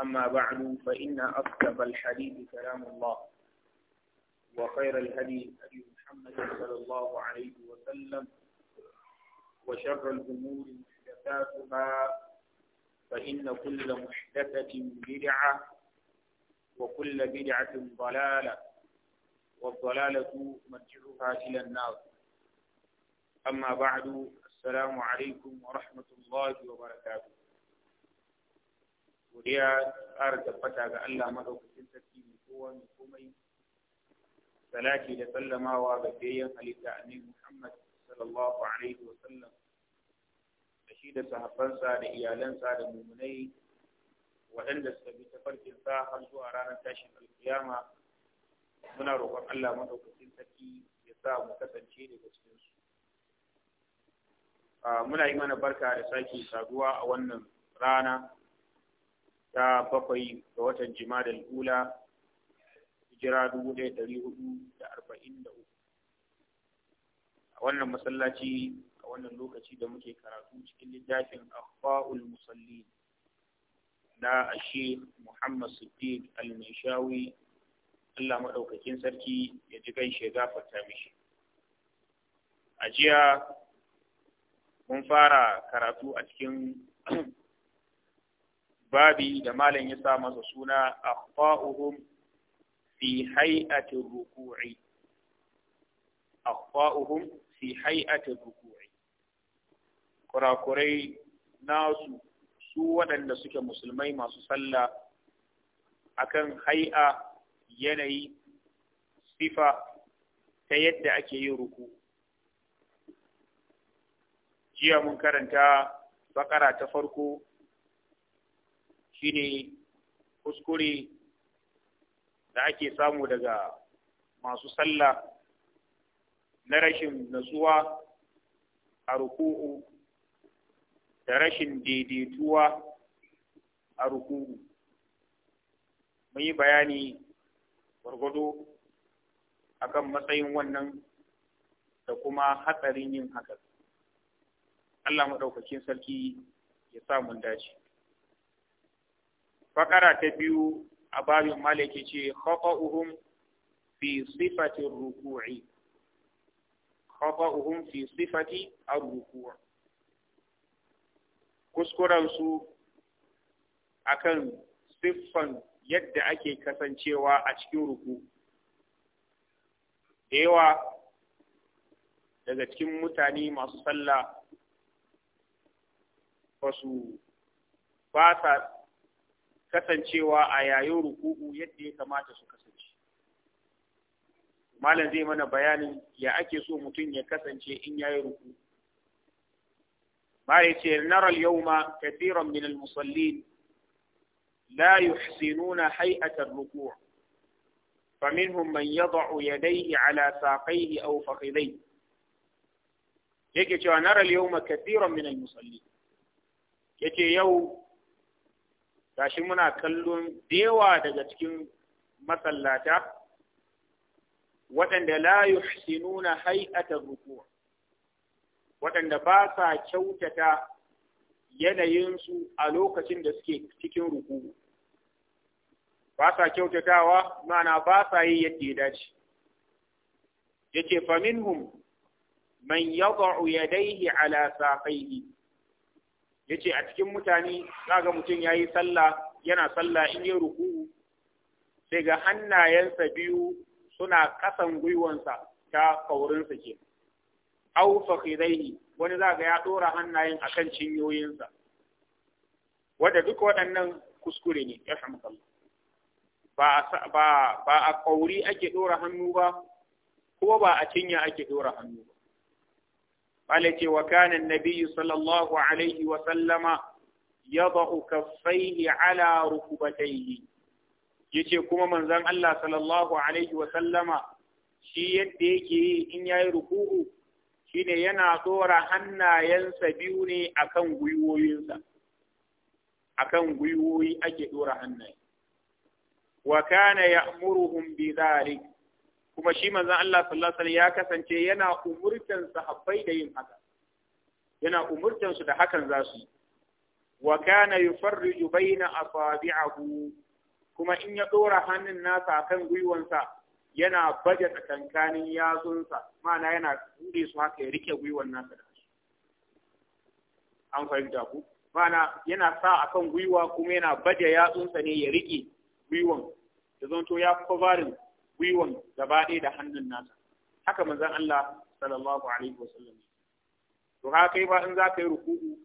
أما بعد فإن أصدق الحديث كلام الله وخير الهدي هدي محمد صلى الله عليه وسلم وشر الأمور محدثاتها فإن كل محدثة بدعة وكل بدعة ضلالة والضلالة مرجعها إلى النار أما بعد السلام عليكم ورحمة الله وبركاته Ya ƙara tabbata ga Allah madaukakin sarki mai kowa mai komai salati da sallamawa ga biyayyen halitta annabi Muhammad sallallahu alaihi wa sallam da shi da sahabbansa da iyalansa da mumunai waɗanda suka bi tafarkin sa har zuwa ranar tashin alkiyama muna roƙon Allah madaukakin sarki ya sa mu kasance daga cikin su muna yi mana barka da sake saduwa a wannan rana ta bakwai ga watan jima'a ula hijira dubu ɗaya ɗari hudu da arba'in da uku a wannan masallaci a wannan lokaci da muke karatu cikin littafin akhfaul musalli na ashe muhammad siddiq al-nishawi allah maɗaukakin sarki ya ji gaishe fata mishi a jiya mun fara karatu a cikin babi da malam ya sa masa suna fa’uhun fi hay'ati ruku'i fa’uhun fi hay'ati ruku'i kurakurai nasu su waɗanda suke musulmai masu sallah akan hai'a yanayi sifa ta yadda ake yin ruku jiya mun karanta bakara ta farko ne kuskure da ake samu daga masu sallah na rashin natsuwa a ruku'u da rashin daidaituwa a ruku'u mun yi bayani gwargwado akan matsayin wannan da kuma hatsarin yin hakan Allah maɗaukakin sarki ya sa mun dace fakara ta biyu a babin malaki ce khata'uhum fi sifati ruku'i khata'uhum fi sifati ar-ruku' kuskuren su akan siffan yadda ake kasancewa a cikin ruku yawa daga cikin mutane masu sallah ba su ba kasancewa a yayin ruku'u yadda ya kamata su kasance malam zai mana bayanin ya ake so mutum ya kasance in yayi ruku'u ba ya ce nara al-yawma kathiran min al-musallin la yuhsinuna hay'at ar-ruku' فمنهم من يضع يديه على ساقيه أو فخذيه yake cewa nara yawma kathiran min al-musallin yake yau gashi muna kallon dewa daga cikin masallata waɗanda la yuhsinuna hay'ata ruku' waɗanda ba sa kyautata yanayinsu a lokacin da suke cikin ruku ba sa kyautatawa mana ba sa yi yadda ya dace famin faminhum man yad'u yadayhi ala saqayhi ya ce a cikin mutane za ga mutum ya yi sallah yana sallah in yi ruku sai ga hannayensa biyu suna kasan gwiwansa ta kaurinsa ke au fakhidaihi wani za ga ya dora hannayen akan cinyoyinsa wanda duk waɗannan kuskure ne ya samu ba ba ba a kauri ake dora hannu ba kuma ba a cinya ake dora hannu ba قال وكان النبي صلى الله عليه وسلم يضع كفيه على ركبتيه yace kuma manzon Allah sallallahu alaihi wa sallama shi yadda yake yi in yayi ruku'u shine yana tsora hannayensa biyu ne akan gwiwoyinsa akan gwiwoyi ake dora hannaye wa kana ya'muruhum bi kuma shi manzon Allah sallallahu alaihi ya kasance yana umurtan sahabbai da yin haka yana umurtan su da hakan za su wa kana yufarriju baina asabi'ahu kuma in ya dora hannun nasa kan gwiwansa yana baje tsakankanin yatsunsa ma'ana yana tsure su haka ya rike gwiwan nasa da shi an fahimta ku ma'ana yana sa akan gwiwa kuma yana baje yatsunsa ne ya rike gwiwan ya zanto ya kovarin gwiwan gaba ɗaya da hannun nasa haka manzon Allah sallallahu alaihi wasallam to haka yi ba in za ka yi ruku'u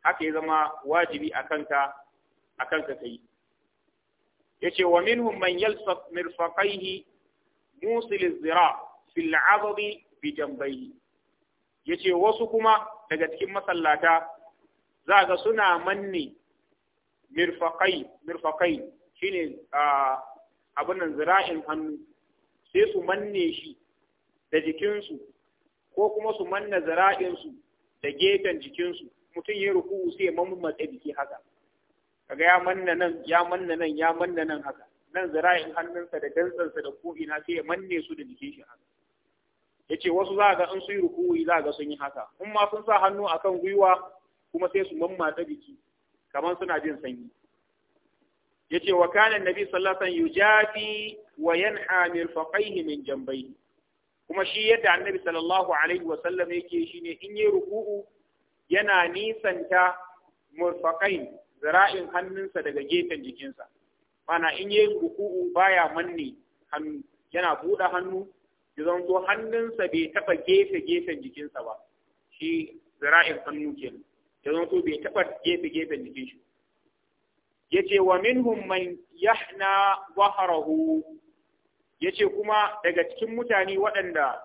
haka ya zama wajibi a kanka a kanka kai yace wa minhum man yalsaq mirfaqaihi musil zira fil 'adadi bi jambayhi yace wasu kuma daga cikin masallata za ga suna manne mirfaqai mirfaqai shine ah, abin nan zira'in hannu sai su manne shi da jikinsu ko kuma su manna zira'insu da gefen jikinsu mutum ya ruku sai ya matsa jiki haka kaga ya manna nan ya manna nan ya manna nan haka nan zira'in hannunsa da dantsansa da ko'ina sai ya manne su da jikin shi haka ce wasu za ga in su yi ruku'i za ga sun yi haka in ma sun sa hannu akan gwiwa kuma sai su mammatsa jiki kamar suna jin sanyi yace wa kana annabi sallallahu alaihi jafi wa Yan yanha mirfaqaihi min Jambai. kuma shi yadda annabi sallallahu alaihi wa sallam yake shi ne in yi ruku'u yana nisanta murfaqain zira'in hannunsa daga gefen jikinsa mana in yi ruku'u baya manne hannu yana buɗe hannu ya zanto hannunsa bai taɓa gefe gefen jikinsa ba shi zira'in hannu kenan ya zanto bai taɓa gefe gefen jikinsa. yace wa minhum man yahna Ya yace kuma daga cikin mutane waɗanda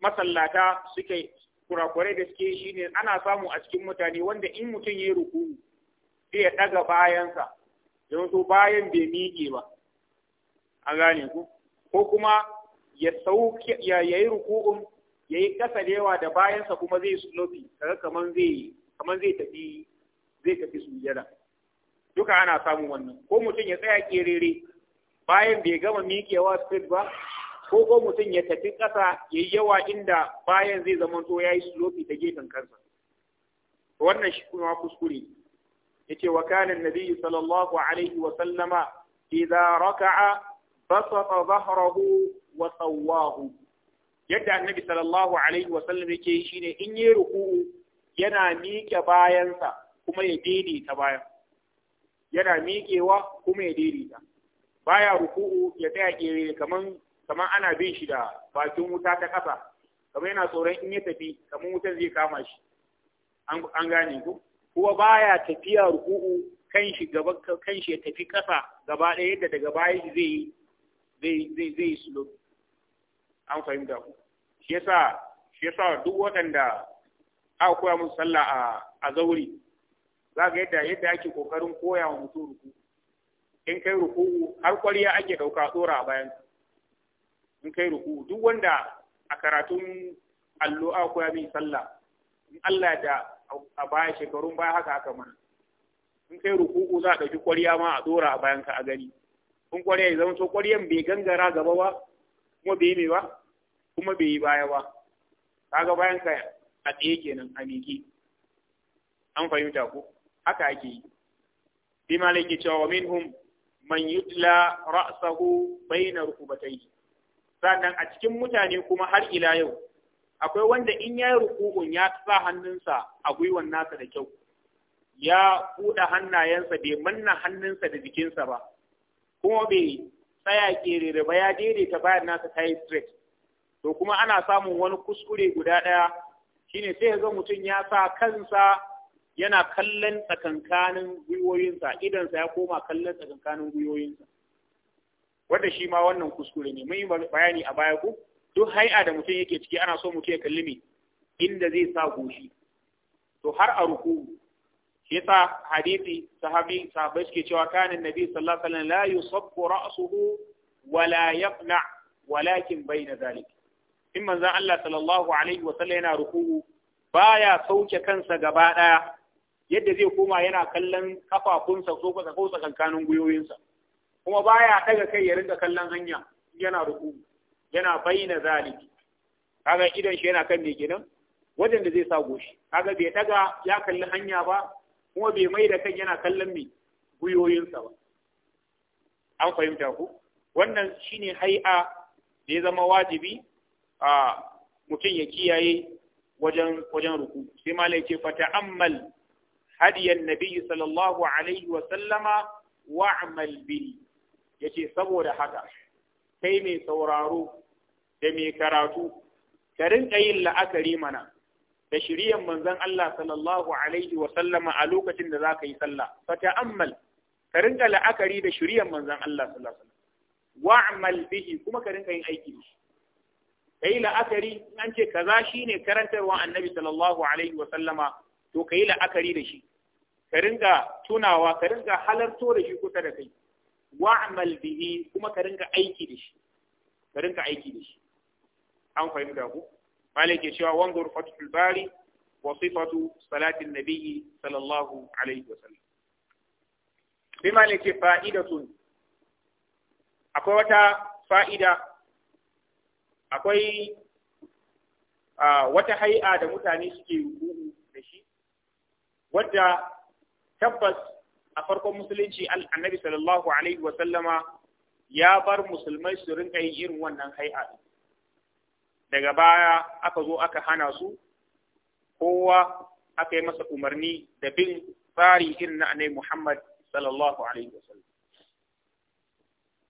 masallata suke kurakurai da suke shine ana samu a cikin mutane wanda in mutum ya ruku sai ya daga bayansa so bayan bai miƙe ba an gane ku ko kuma ya sauke ya yi ruku'un yayi yi ƙasa da yawa da bayansa kuma zai slofi kaga kaman zai kaman zai tafi zai tafi sujjada duka ana samun wannan ko mutum ya tsaya kerere bayan bai gama miƙewa speed ba ko ko mutum ya tafi ƙasa ya yawa inda bayan zai zama to ya yi slope ta gefen kansa wannan shi kuma kuskure yace wa kana Nabiyyu sallallahu alaihi wa sallama idza raka'a basata dhahrahu wa sawahu yadda annabi sallallahu alaihi wa sallam yake shine in yi ruku'u yana miƙe bayansa kuma ya daidaita bayan yana miƙewa kuma ya daidaita baya ruku'u ya tsaya kere kaman kaman ana bin shi da bakin wuta ta ƙasa kamar yana tsoron in ya tafi kaman wutan zai kama shi an gane ku kuma baya tafiya ruku'u kan shi gaba kan shi ya tafi ƙasa gaba ɗaya yadda daga baya zai zai zai zai slow an fahimta ku shi yasa shi yasa duk waɗanda aka koya musu sallah a a zauri za ga yadda yadda ake kokarin koya wa mutum ruku in kai ruku har kwariya ake dauka tsora a bayan in kai ruku duk wanda a karatun allo a koya min sallah in Allah da a baya shekarun baya haka haka mana in kai ruku'u za a ɗauki ƙwarya ma a tsora a bayan ka a gani in ƙwarya ya zama to kwariyan bai gangara gaba ba kuma bai yi ba kuma bai yi baya ba kaga bayan ka a tsaye kenan a miƙe. an fahimta ko haka ake yi bi malaki cewa wa minhum man yutla ra'sahu bayna rukubatayhi sannan a cikin mutane kuma har ila yau akwai wanda in yayi ruku'un ya sa hannunsa a gwiwan nasa da kyau ya kuda hannayensa bai manna hannunsa da jikinsa ba kuma bai tsaya kerere ba ya daidaita bayan nasa ta yi to kuma ana samun wani kuskure guda ɗaya shine sai ga mutum ya sa kansa yana kallon tsakankanin gwiwoyinsa idansa ya koma kallon tsakankanin gwiwoyinsa wanda shi ma wannan kuskure ne mun bayani a baya ko duk hai'a da mutum yake ciki ana so mutum ya kalli me inda zai sa goshi to har a ruku shi yasa hadisi sahabi sahabbai suke cewa kana nabi sallallahu alaihi wasallam la yusabbu ra'suhu yaqna walakin bayna zalik in manzon Allah sallallahu alaihi wasallam yana ruku baya sauke kansa gaba daya yadda zai koma yana kallon kafafunsa ko kusa ko tsakankanin gwiwoyinsa kuma baya daga kai ya rinka kallon hanya yana ruku yana bayyana zaliki kaga idan shi yana kan me kenan wajen da zai sa goshi kaga bai daga ya kalli hanya ba kuma bai mai da kan yana kallon mai gwiwoyinsa ba an fahimta ku wannan shine hai'a da ya zama wajibi a mutum ya kiyaye wajen wajen ruku sai malai ce fata hadiyan nabi sallallahu alaihi wa sallama wa amal bi saboda haka kai mai sauraro da mai karatu ka rinka yin la'akari mana da shiryan manzon Allah sallallahu alaihi wa sallama a lokacin da zaka yi sallah fa ta'ammal ka rinka la'akari da shiryan manzon Allah sallallahu alaihi kuma ka rinka yin aiki da kai la'akari an ce kaza shine karantarwa annabi sallallahu alaihi wa to kai la'akari da shi ka ringa tunawa ka ringa halarto da shi kusa da kai wa'mal bihi kuma ka ringa aiki da shi ka ringa aiki da shi an fahimta ku malike ya cewa wanzur fatul bari wa sifatu salatin nabiyyi sallallahu alaihi wa sallam bi malike fa'ida fa'idatun akwai wata fa'ida akwai ah, wata hay'a da mutane suke da shi wadda tabbas a farkon musulunci annabi sallallahu alaihi wa sallama ya bar musulmai su rinka yin irin wannan hai'a daga baya aka zo aka hana su kowa aka yi masa umarni da bin tsari irin na annabi Muhammad sallallahu alaihi wa sallam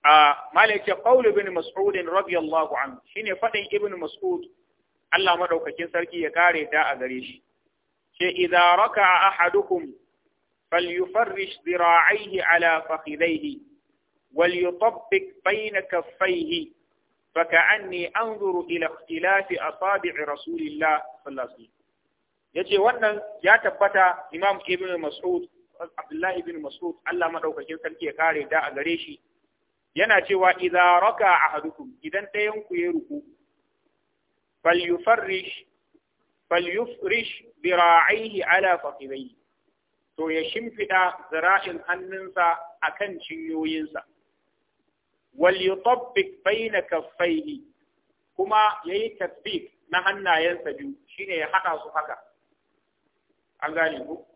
a malaka qaul ibn mas'ud radiyallahu anhu shine fadin ibn mas'ud Allah madaukakin sarki ya kare da a gare shi ce idza raka'a ahadukum فليفرش ذراعيه على فخذيه وليطبق بين كفيه فكأني أنظر إلى اختلاف أصابع رسول الله صلى الله عليه وسلم yace wannan ya tabbata Imam Ibn Mas'ud Abdullah ibn Mas'ud Allah madaukakin sarki ya kare da a gare shi yana cewa idza raka ahadukum idan dayan ku ya ruku falyufarrish falyufrish dira'aihi ala faqidayhi to ya shimfiɗa zira'in hannunsa a kan cinyoyinsa. Wal bai na kaffaihi kuma ya yi tasbik na hannayensa biyu shine ya haka su haka. An gane ku?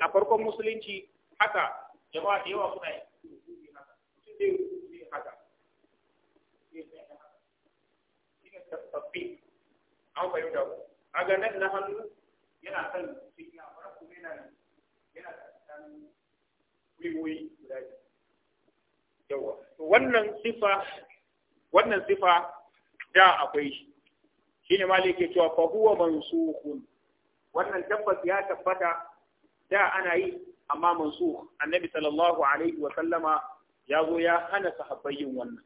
A farkon musulunci haka jama'a da yawa suna yi haka. haka. An fahimta ku. A ganin na hannu yana kan cikin amma kuma yana wiwoyi guda yawa wannan sifa wannan sifa da akwai shi shine malik yake cewa fa huwa mansukhun wannan tabbas ya tabbata da ana yi amma mansukh annabi sallallahu alaihi wa sallama ya zo ya hana sahabbai yin wannan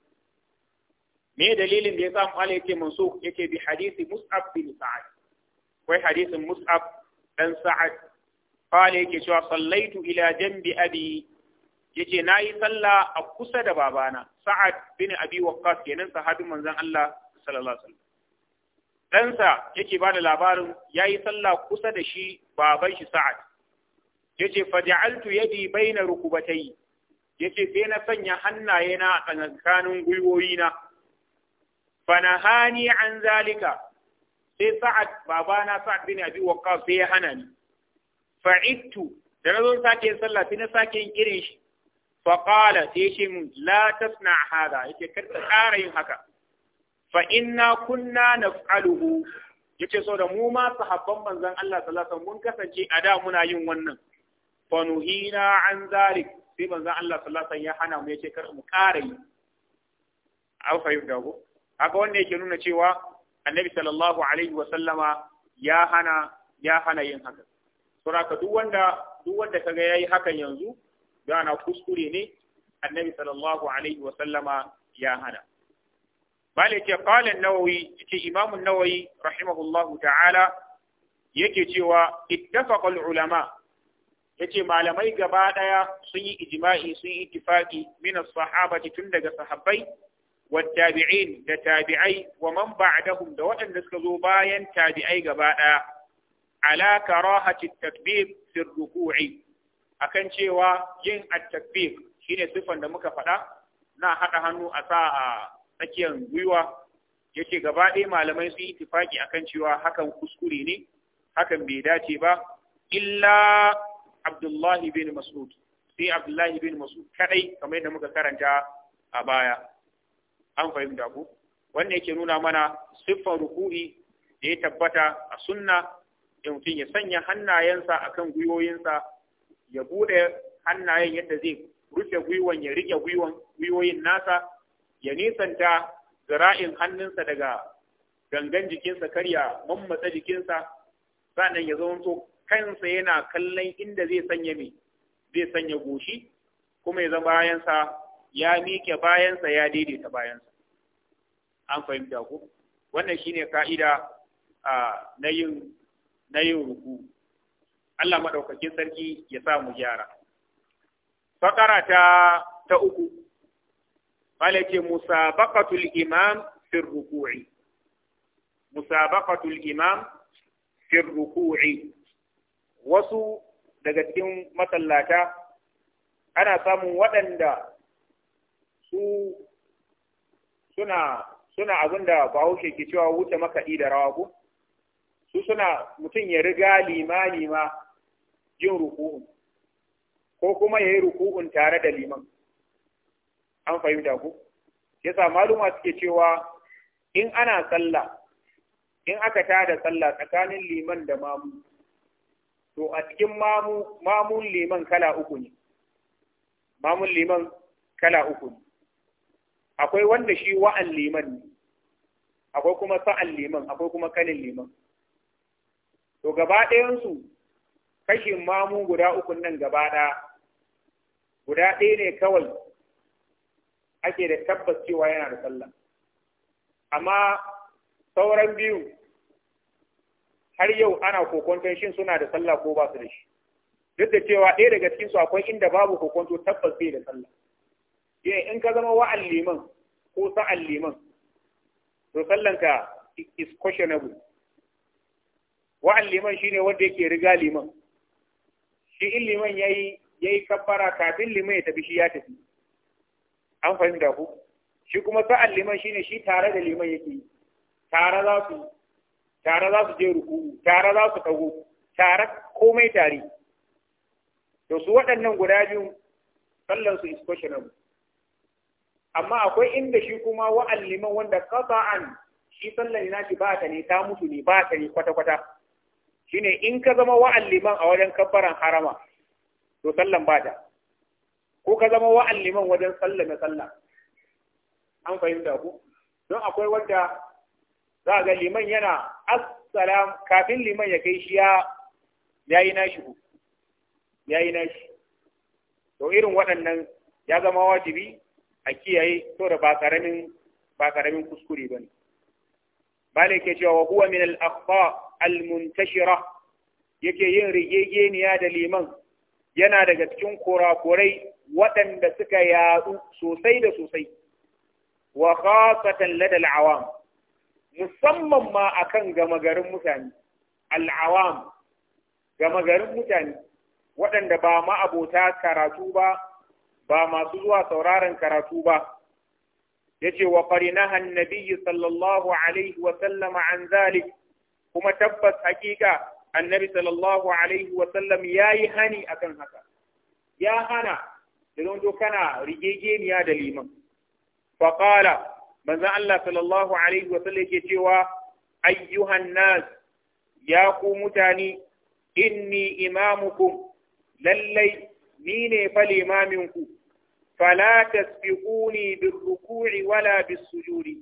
me dalilin da ya sa malik ke mansukh yake bi hadisi mus'ab bin sa'ad wai hadisin mus'ab dan sa'ad Fale yake cewa sallaitu ila janbi abi yace nayi sallah a kusa da babana sa'ad bin abi waqqas kenan sahabin manzon Allah sallallahu alaihi wasallam ɗansa yake bada labarin ya yi sallah kusa da shi baban shi sa'ad ya ce ja'altu yadi baina rukubatai ya ce sai na sanya hannaye na a na Bana hani an zalika sai sa'ad babana sa'ad bin abi waqqas sai ya hana ni fa'ittu da na zo sake yin sallah sai na sake yin irin shi fa qala sai shi mun la tasna hada yace kar ka ƙara yin haka fa inna kunna naf'aluhu yace so da mu ma sahabban manzon Allah sallallahu alaihi wasallam mun kasance a da muna yin wannan fa nuhina an zalik sai manzon Allah sallallahu alaihi wasallam ya hana mu yace kar mu ƙara yi an fahimta ko haka wanda yake nuna cewa annabi sallallahu alaihi wasallama ya hana ya hana yin haka Suraka duk wanda duk wanda kaga yayi hakan yanzu yana kuskure ne annabi sallallahu alaihi wa sallama ya hana. Bale ce qala an-Nawawi ce Imam an-Nawawi rahimahullahu ta'ala yake cewa ittafaqa al-ulama yace malamai gaba daya sun yi ijma'i sun yi ittifaqi min as-sahabati tun daga sahabbai والتابعين da tabi'ai wa man ba'dahum da waɗanda suka zo bayan tabi'ai gaba ɗaya ala karahati takbir fi ruku'i akan cewa yin at-takbir shine sifan da muka faɗa na haɗa hannu a sa a tsakiyar gwiwa yace gaba ɗaya malamai su yi akan cewa hakan kuskure ne hakan bai dace ba illa Abdullahi bin Mas'ud sai Abdullahi bin Mas'ud kadai kamar yadda muka karanta a baya an fahimta ku wannan yake nuna mana siffar ruku'i da ya tabbata a sunna mutum ya sanya hannayensa a kan gwiwoyinsa ya buɗe hannayen yadda zai rufe gwiwon ya riƙe gwiwoyin nasa ya nisanta zira'in hannunsa daga gangan jikinsa karya mammatsa jikinsa sannan ya zama kansa yana kallon inda zai sanya mai zai sanya goshi kuma ya zama bayansa ya miƙe bayansa ya daidaita bayansa an fahimta ku wannan shine ka'ida ah, na yin na yin ruku Allah madaukakin sarki ya sa mu gyara fakara ta ta uku malake musabaqatul imam fi ruku'i musabaqatul imam fi ruku'i wasu daga cikin masallata ana samun waɗanda su suna suna abin da bahaushe ke cewa wuce makaɗi da rawa ko su suna mutum ya riga limani ma yin ruku'un ko kuma ya yi ruku'un tare da liman an fahimta ku yasa maluma suke cewa in ana sallah in aka tada sallah tsakanin liman da mamu to a cikin mamu mamun liman kala uku ne mamun liman kala uku ne akwai wanda shi wa'an liman ne akwai kuma sa'an liman akwai kuma kanin liman to gaba ɗayansu kashin mamu guda ukun nan gaba ɗaya guda ɗaya ne kawai ake da tabbas cewa yana da sallah amma sauran biyu har yau ana kokonton shin suna da sallah ko ba su da shi duk da cewa ɗaya daga cikin su akwai inda babu kokonto tabbas bai da sallah yin in ka zama wa liman ko sa alliman to sallanka is questionable wa'an liman shine wanda yake riga liman shi in liman yayi yayi kabbara kafin liman ya tafi shi ya tafi an fahimta ku shi kuma sa'an liman shine shi tare da liman yake tare za su tare za su je ruku tare za su kago tare komai tare to su waɗannan guda biyu sallan su is amma akwai inda shi kuma wa'an liman wanda qata'an shi sallan ina shi ba ta ne ta mutu ne ba ta ne kwata kwata shine in ka zama wa'an liman a wajen kafaran harama to sallan ba ta ko ka zama wa'an liman wajen sallan na sallah an fahimta ku don akwai wanda za ga liman yana assalam kafin liman ya kai shi ya yayi nashi yi nashi to irin waɗannan ya zama wajibi a kiyaye to da ba karamin ba karamin kuskure bane bale ke cewa huwa min al al-muntashira yake yin rigegeniya da liman yana daga cikin kurakurai waɗanda suka yaɗu sosai da sosai wa khasatan ladal awam musamman ma akan gama garin mutane al'awam gama garin mutane waɗanda ba ma'abota karatu ba ba masu zuwa sauraron karatu ba yace wa qarinaha an-nabiy sallallahu alaihi wa sallama an zalik kuma tabbas hakika annabi sallallahu alaihi wa sallam yayi hani akan haka ya hana idan to kana rigegeniya da liman faƙala qala Allah sallallahu alaihi wa sallam cewa ayyuhan nas ya ku mutane inni imamukum lallai ni ne fa limaminku fala tasbiquni birruku'i wala bisujudi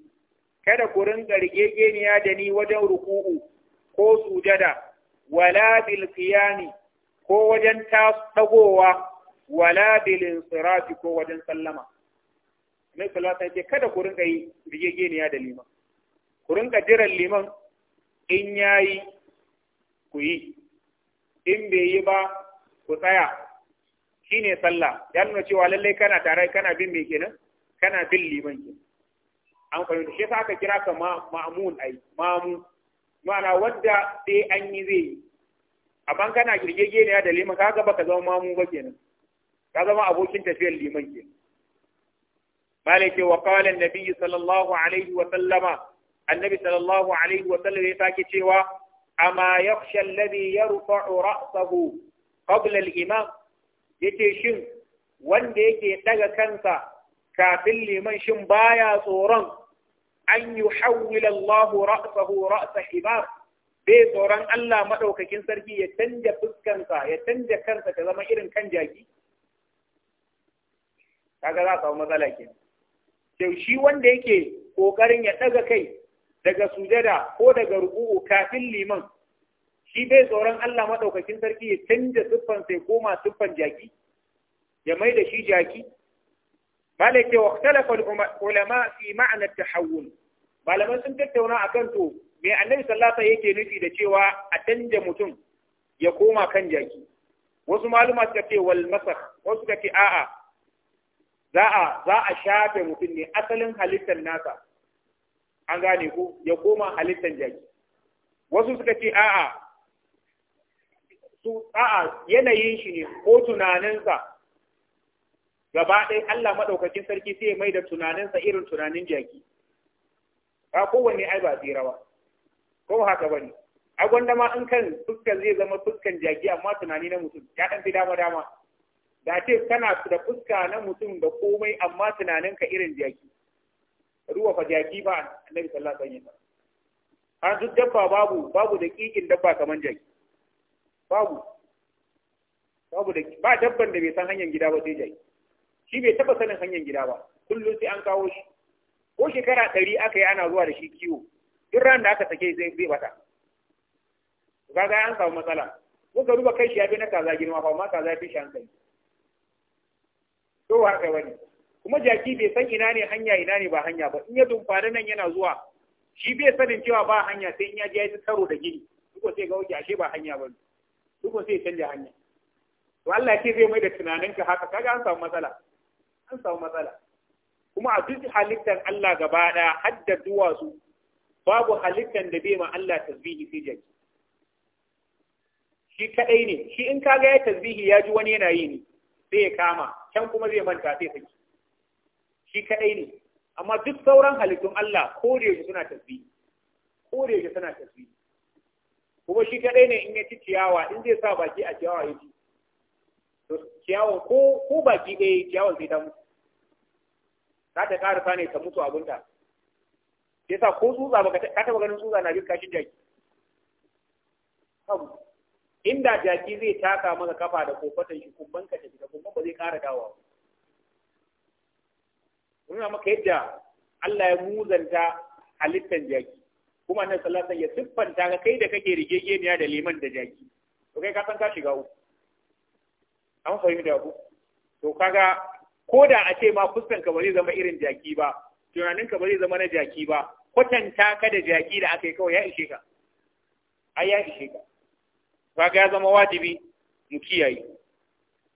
kada ku rinka rigegeniya da ni wajen ruku'u ko sujada wala bil qiyami ko wajen dagowa wala bil insirafi ko wajen sallama ne salata alaihi kada ku rinka yi rigegeniya da liman ku rinka jiran liman in yayi ku yi in bai yi ba ku tsaya shine sallah ya nuna cewa lallai kana tare kana bin me kenan kana bin liman kenan an fahimta shi aka kira ka ma'amun ai ma'amun mana wadda sai an yi zai yi amma kana girgegeniya da liman ka gaba ka zama mamu ba kenan ka zama abokin tafiyar liman ke malike wa qala annabi sallallahu alaihi wa sallama annabi sallallahu alaihi wa sallam ya sake cewa amma yakhsha alladhi yarfa'u ra'sahu qabla al-imam yace shin wanda yake daga kansa kafin liman shin baya tsoron an yi hawwila Allahu ra'sahu ra'sa himar bai tsoron Allah maɗaukakin sarki ya canja fuskansa ya canja kansa ta zama irin kan jaki kaga za a samu matsala ke sai shi wanda yake kokarin ya ɗaga kai daga sujada ko daga ruku'u kafin liman shi bai tsoron Allah maɗaukakin sarki ya canja siffan ya koma siffan jaki ya mai da shi jaki malai ce wa talafa ulama fi ma'ana tahawul malaman sun tattauna akan to me annabi sallallahu alaihi yake nufi da cewa a canja mutum ya koma kan jaki wasu maluma suka ce wal masakh wasu suka ce a'a za a shafe mutum ne asalin halittar nasa an gane ko ya koma halittar jaki wasu suka ce a'a su a'a yanayin shi ne ko tunaninsa gaba ɗaya Allah maɗaukakin sarki sai ya mai da tunaninsa irin tunanin jaki ba kowanne ai ba rawa. ba ko haka bane a gwanda ma in kan fuskan zai zama fuskan jaki amma tunani na mutum ya ɗan fi dama dama da ce kana da fuska na mutum da komai amma tunaninka irin jaki ruwa fa jaki ba annabi sallallahu alaihi wasallam an duk dabba babu babu da kikin dabba kamar jaki babu babu da ba dabban da bai san hanyar gida ba sai jaki shi bai taɓa sanin hanyar gida ba kullum sai an kawo shi ko shekara ɗari aka yi ana zuwa da shi kiwo duk ran da aka sake zai zai bata kaga an samu matsala muka duba kai shi ya fi na kaza girma ba ma kaza fi shi hankali to haka wani kuma jaki bai san ina ne hanya ina ne ba hanya ba in ya dumfare nan yana zuwa shi bai sanin cewa ba hanya sai in ya je ya karo da gini duk sai ga wuce ashe ba hanya ba duk sai ya canja hanya to Allah ya ce zai mai da tunaninka haka kaga an samu matsala sun samu matsala kuma a duk halittar Allah gaba ɗaya hadda duwatsu babu halittar da bai ma Allah tasbihi sai jaki shi kadai ne shi in kaga ya tasbihi ya ji wani yana yi ne sai ya kama can kuma zai manta sai saki shi kadai ne amma duk sauran halittun Allah ko da yake suna tasbihi ko da yake suna tasbihi kuma shi kadai ne in ya ci ciyawa in zai sa baki a ciyawa ya ci to ciyawa ko ko baki ɗaya ciyawan sai ta mutu za ta ƙara ne ta mutu abinta Ya sa ko tsutsa ba ka taɓa ganin tsutsa na bin kashin jaki inda jaki zai taka maka kafa da kofatan shi kumban ka tafi kuma ba zai ƙara dawa nuna maka yadda Allah ya muzanta halittan jaki kuma nan sallallahu ya siffanta ka kai da kake rigegeniya da liman da jaki to kai ka san ka shiga uku an fahimta ku to kaga ko da a ce ma fuskan ka bari zama irin jaki ba tunanin ka bari zama na jaki ba kwatanta ka da jaki da aka yi kawai ya ishe ka ai ya ishe ka ba ga zama wajibi mu kiyaye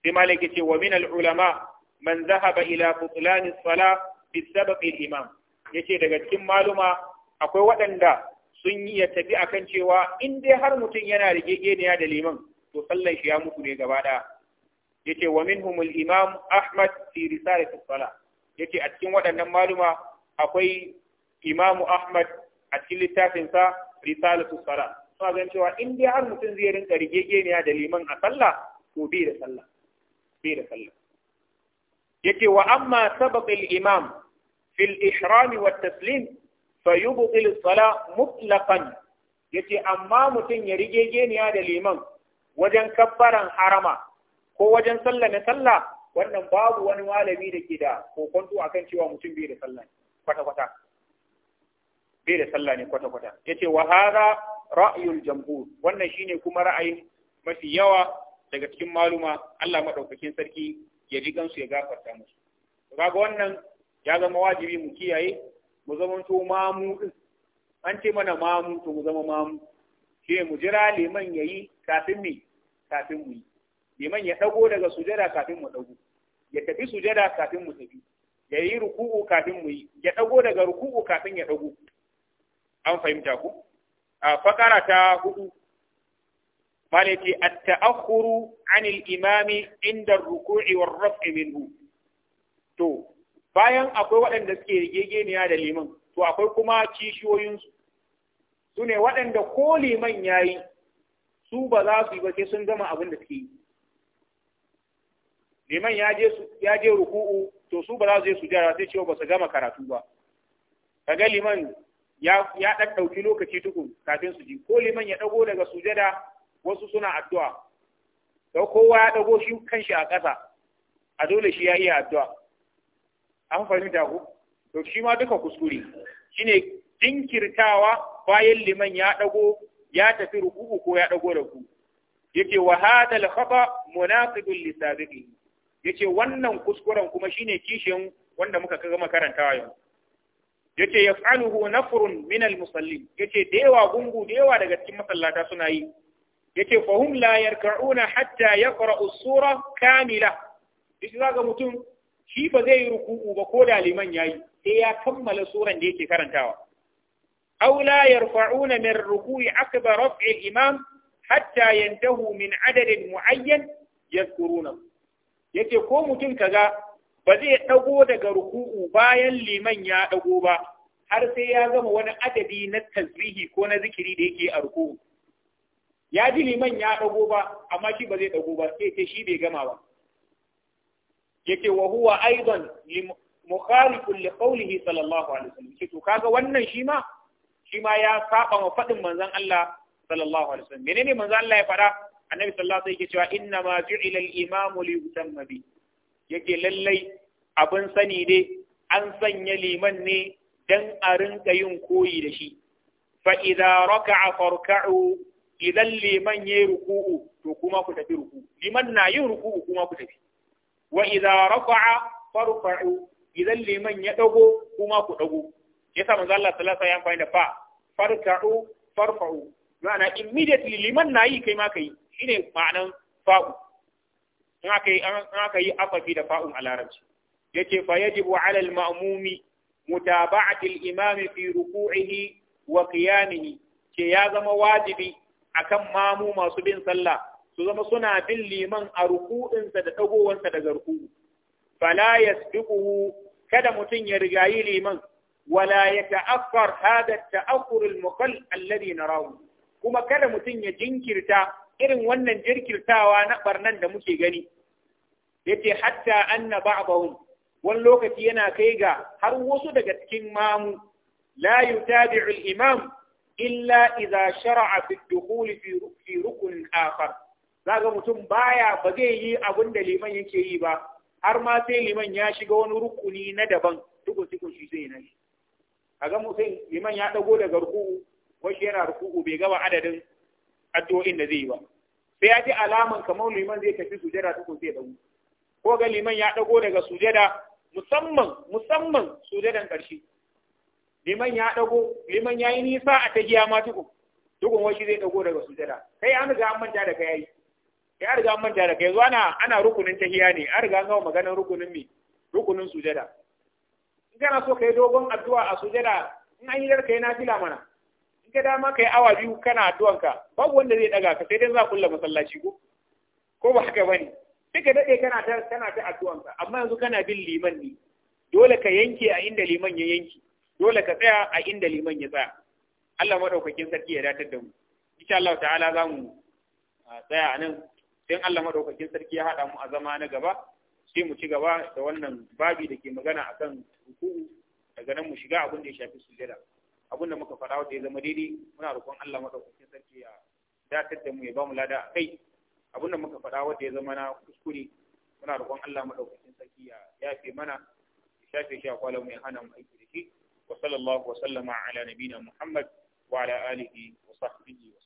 sai malik ce wa min al ulama man zahaba ila futlan as-sala bi sabab al imam yace daga cikin maluma akwai waɗanda sun yi ya tafi akan cewa in dai har mutum yana rigegeniya da liman to sallan shi ya mutu ne gaba ɗaya yace wa minhum al-imam Ahmad fi risalat as-salah yace a cikin waɗannan maluma akwai Imam Ahmad a cikin littafin sa risalat as-salah suna ganin cewa in dai har mutum zai rinka ne da liman a sallah to bai da sallah bi da sallah yace wa amma sabaq al-imam fi al-ihram wa at-taslim fayubtil as-salah mutlaqan yace amma mutum ya ne da liman wajen kabbaran harama ko wajen sallah na sallah wannan babu wani malami da ke da kokonto akan cewa mutum bai da sallah kwata-kwata bai da sallah ne kwata-kwata yace wa hada ra'yul jamhur wannan shine kuma ra'ayin mafi yawa daga cikin maluma Allah madaukakin sarki ya ji gansu ya gafarta musu kaga wannan ya zama wajibi mu kiyaye mu zama to mamu an ce mana mamu to mu zama mamu shi mu jira liman yayi kafin mi kafin mu yi liman ya dago daga sujada kafin mu dago ya tafi sujada kafin mu tafi ya yi ruku'u kafin mu yi ya dago daga ruku'u kafin ya dago an fahimta ku a fakara ta hudu malaki at-ta'akhkhuru 'anil imami 'inda ar-ruku'i war-raf'i minhu to bayan akwai waɗanda suke rigegeniya da liman to akwai kuma kishiyoyinsu su ne waɗanda ko liman ya yi su ba za su yi ba sai sun gama abin da suke yi liman ya je ruku'u to su ba za su je jira, sai cewa ba su gama karatu ba kaga liman ya ya dan dauki lokaci tukun kafin su ji ko liman ya dago daga sujada wasu suna addu'a to kowa ya dago shi kanshi a ƙasa a dole shi ya iya addu'a an fahimta ku to shi ma duka kuskure shine jinkirtawa bayan liman ya dago ya tafi ruku'u ko ya dago da ku yake wa hadal khata munaqidul li yace wannan kuskuren kuma shine kishin wanda muka kaga makarantawa yau yace yaf'aluhu nafrun min al-musallin yace da yawa gungu da daga cikin masallata suna yi yace fa hum la yarka'una hatta yaqra'u sura kamila shi zaga mutum shi ba zai yi ruku'u ba ko da liman yayi sai ya kammala suran da yake karantawa aw la yarfa'una min ruku'i akbar raf'i al-imam hatta yantahu min adadin mu'ayyan yadhkuruna yace ko mutum kaga ba zai dago daga ruku'u bayan liman ya dago ba har sai ya gama wani adadi na tasbihi ko na zikiri da yake a ruku'u ya ji liman ya dago ba amma shi ba zai dago ba sai ce shi bai gama ba yake wa huwa aidan mukhalifun li qawlihi sallallahu alaihi wasallam yake to kaga wannan shi ma shi ma ya saba wa fadin manzon Allah sallallahu alaihi wasallam menene manzon Allah ya fara annabi sallallahu alaihi wasallam yake cewa inna ma ju'ila al imam li yutamma bi yake lallai abin sani dai an sanya liman ne dan a rinka yin koyi da shi fa idza raka'a farka'u idan liman yayi ruku'u to kuma ku tafi ruku'u liman na yin ruku'u kuma ku tafi wa idza raka'a farfa'u idan liman ya dago kuma ku dago yasa manzo Allah sallallahu alaihi wasallam ya amfani da fa farka'u farfa'u ma'ana immediately liman na yi kai ma kai ne ma'anan fa'u in aka yi afafi da fa'un a larabci ce fa yajibu ala ma'amumi ma'mumi mutaba'ati al imami fi ruku'ihi wa qiyamihi ke ya zama wajibi akan mamu masu bin sallah su zama suna bin liman a ruku'insa da dagowansa daga ruku'u fala yasbiquhu kada mutum ya rigayi liman wala ya ta'affar hada ta'akhur al-muqall na narahu kuma kada mutum ya jinkirta irin wannan jirkirtawa na barnan da muke gani yace hatta anna ba'dahum wani lokaci yana kai ga har wasu daga cikin mamu la yutabi'u al-imam illa iza shar'a fi ad fi rukun akhar zaga mutum baya ba zai yi abun da liman yake yi ba har ma sai liman ya shiga wani rukuni na daban tukun tukun shi zai nashi kaga mutum liman ya dago daga ruku'u wai yana ruku'u bai gaba adadin addu'o'in da zai yi ba sai ya ji alaman kamar liman zai tafi sujada tukun sai dago ko ga liman ya dago daga sujada musamman musamman sujadan karshe liman ya dago liman yayi nisa a ta giya ma tukun tukun wai shi zai dago daga sujada kai an ga an manta da kai yayi kai an ga an manta da kai yanzu ana ana rukunin tahiya ne an riga an gama maganar rukunin mi rukunin sujada in kana so kai dogon addu'a a sujada in an yi darka yana fila mana ga dama yi awa biyu kana addu'anka babu wanda zai daga ka sai dai za ku kulla masallaci ko ko ba haka bane sai ka dade kana ta kana ta addu'anka amma yanzu kana bin liman ne dole ka yanke a inda liman ya yanki dole ka tsaya a inda liman ya tsaya Allah madaukakin sarki ya datar da mu insha Allah ta'ala za mu tsaya a nan sai Allah madaukakin sarki ya haɗa mu a zama na gaba sai mu ci gaba da wannan babi da ke magana akan hukumu daga nan mu shiga abin da ya shafi sujjada abin da muka faɗa wanda ya zama daidai muna roƙon Allah madaukakin sarki ya dakatar da mu ya ba mu lada a kai abin da muka faɗa wanda ya zama na kuskure muna roƙon Allah madaukakin sarki ya yafe mana ya shafe shi a kwalon mu ya hana mu aiki da shi wa sallallahu wa sallama ala nabina Muhammad wa ala alihi wa sahbihi wa